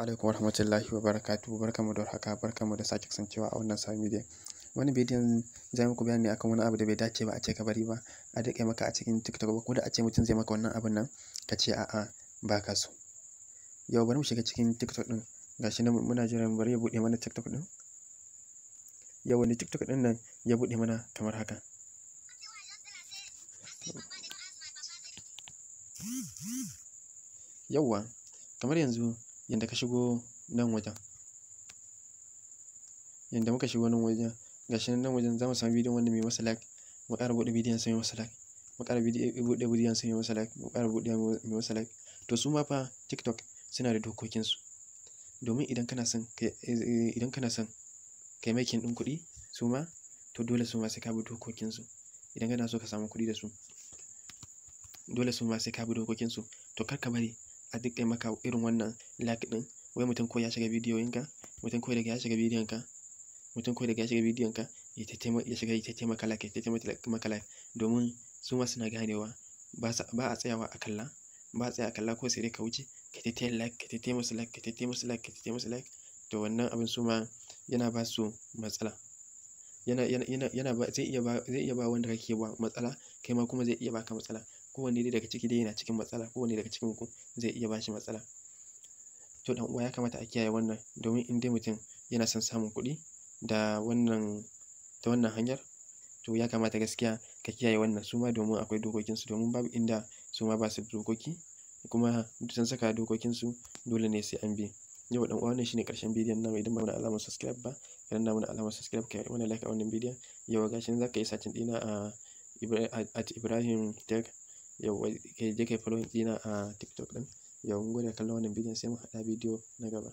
Assalamu alaikum warahmatullahi wabarakatuh barkamu da warhaka barkamu da sake kasancewa a wannan sabon bidiyon wani bidiyon zai muku bayani akan wani abu da bai dace ba a ce ka bari ba a dake maka a cikin TikTok ba ko da a ce mutum zai maka wannan abun nan ka ce a'a ba ka so yau bari mu shiga cikin TikTok din gashi nan muna jiran bari ya bude mana TikTok din yau wani TikTok din nan ya bude mana kamar haka yauwa kamar yanzu yanda ka shigo nan wajen yanda muka shigo nan wajen ga shi nan wajen zamu samu bidiyon wanda mai masa like mu ƙara buɗe bidiyon sai mai masa like mu ƙara eh, buɗe bidiyon sai mai masa like mu ƙara buɗe mai masa like to su ma fa TikTok suna da dokokinsu domin idan kana son eh, idan kana son kai makin ɗin kuɗi su ma to dole su ma sai ka bi dokokinsu idan kana so ka samu kuɗi da su dole su ma sai ka bi dokokinsu to kar ka bari a duk maka irin wannan like ɗin wai mutum ko ya shiga bidiyoyinka mutum ko daga ya shiga bidiyonka mutum ko daga ya shiga bidiyonka ya shiga ya maka like ya maka like domin su ma suna ganewa ba a tsayawa a kalla ba a tsaya a kalla ko sai dai ka wuce ka taimaka like ka taimaka musu like ka taimaka musu like ka taimaka musu like to wannan abin su ma yana ba su matsala yana yana yana ba zai iya ba zai iya ba wanda kake ba matsala kai ma kuma zai iya baka matsala kowanne dai daga ciki dai yana cikin matsala kowanne daga cikin ku zai iya bashi matsala to dan uwa ya kamata a kiyaye wannan domin in dai mutum yana son samun kuɗi da wannan ta wannan hanyar to ya kamata gaskiya ka kiyaye wannan su ma domin akwai dokokinsu domin babu inda su ma ba su da dokoki kuma sun saka dokokinsu dole ne sai an bi yau dan uwa wannan shine karshen bidiyon namu idan ba mana alamar subscribe ba ka danna mana alamar subscribe ka yi mana like a wannan bidiyon yau gashin zaka yi sacin dina a at Ibrahim Tech yauwa ke je ka yi following a TikTok ɗin. Yau mun gode da kallon wannan bidiyon sai a bidiyo na gaba.